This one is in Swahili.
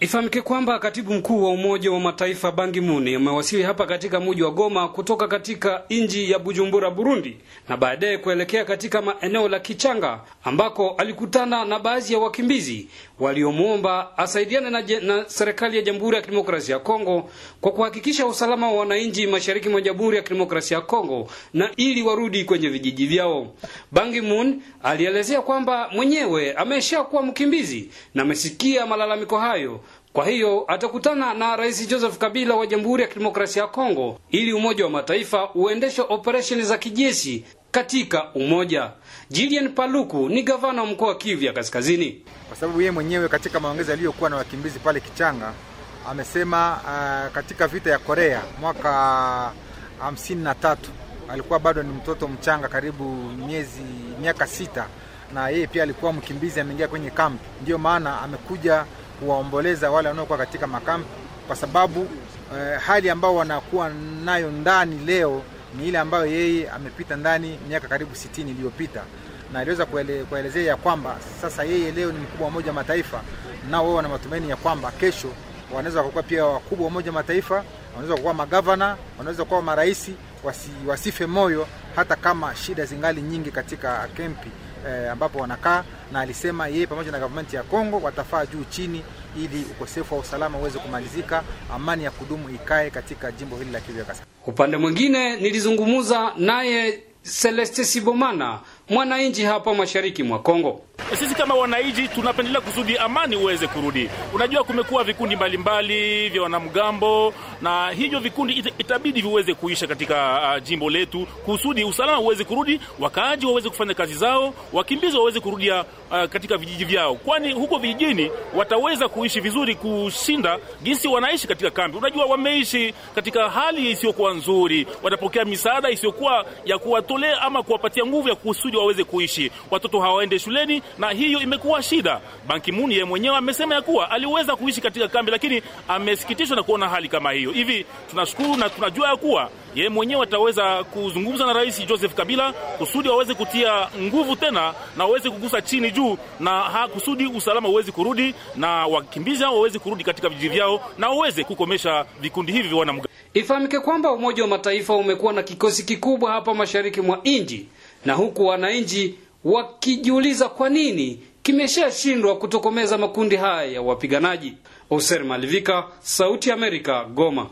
Ifahamike kwamba katibu mkuu wa Umoja wa Mataifa bangi Muni amewasili hapa katika mji wa Goma kutoka katika nchi ya Bujumbura, Burundi, na baadaye kuelekea katika maeneo la Kichanga ambako alikutana na baadhi ya wakimbizi waliomwomba asaidiane na, na serikali ya Jamhuri ya Kidemokrasia ya Kongo kwa kuhakikisha usalama wa wananchi mashariki mwa Jamhuri ya Kidemokrasia ya Kongo na ili warudi kwenye vijiji vyao. Bangi moon alielezea kwamba mwenyewe ameshakuwa mkimbizi na amesikia malalamiko hayo kwa hiyo atakutana na Rais Joseph Kabila wa Jamhuri ya Kidemokrasia ya Kongo ili Umoja wa Mataifa uendeshe operesheni za kijeshi katika umoja. Julian Paluku ni gavana wa mkoa wa Kivu ya Kaskazini. Kwa sababu yeye mwenyewe katika maongezi aliyokuwa na wakimbizi pale Kichanga amesema uh, katika vita ya Korea mwaka hamsini na tatu alikuwa bado ni mtoto mchanga, karibu miezi miaka sita, na yeye pia alikuwa mkimbizi, ameingia kwenye kampi ndiyo maana amekuja kuwaomboleza wale wanaokuwa katika makambi, kwa sababu eh, hali ambayo wanakuwa nayo ndani leo ni ile ambayo yeye amepita ndani miaka karibu sitini iliyopita na aliweza kuelezea ya kwamba sasa yeye leo ni mkubwa wa moja Mataifa, nao wao wana matumaini ya kwamba kesho wanaweza kuwa pia wakubwa wa Umoja Mataifa, wanaweza kuwa magavana, wanaweza kuwa marahisi wasi, wasife moyo hata kama shida zingali nyingi katika kempi eh, ambapo wanakaa na alisema yeye pamoja na government ya Kongo watafaa juu chini ili ukosefu wa usalama uweze kumalizika, amani ya kudumu ikae katika jimbo hili la Kivu ya Kaskazini. Upande mwingine nilizungumza naye Celeste Sibomana mwananchi hapa mashariki mwa Kongo. Sisi kama wananchi tunapendelea kusudi amani uweze kurudi. Unajua, kumekuwa vikundi mbalimbali vya wanamgambo, na hivyo vikundi itabidi viweze kuisha katika uh, jimbo letu kusudi usalama uweze kurudi, wakaaji waweze kufanya kazi zao, wakimbizi waweze kurudia uh, katika vijiji vyao, kwani huko vijijini wataweza kuishi vizuri kushinda jinsi wanaishi katika kambi. Unajua, wameishi katika hali isiyokuwa nzuri, watapokea misaada isiyokuwa ya kuwatolea ama kuwapatia nguvu ya kusudi waweze kuishi, watoto hawaende shuleni, na hiyo imekuwa shida. Ban Ki-moon yeye mwenyewe amesema ya kuwa aliweza kuishi katika kambi, lakini amesikitishwa na kuona hali kama hiyo. Hivi tunashukuru na tunajua ya kuwa yeye mwenyewe ataweza kuzungumza na Rais Joseph Kabila kusudi waweze kutia nguvu tena na waweze kugusa chini juu, na ha kusudi usalama uweze kurudi na wakimbizi hao waweze kurudi katika vijiji vyao na waweze kukomesha vikundi hivi wanamgambo. Ifahamike kwamba Umoja wa Mataifa umekuwa na kikosi kikubwa hapa mashariki mwa nchi na huku wananchi wakijiuliza kwa nini kimeshashindwa kutokomeza makundi haya ya wapiganaji. Oser Malivika, Sauti ya Amerika, Goma.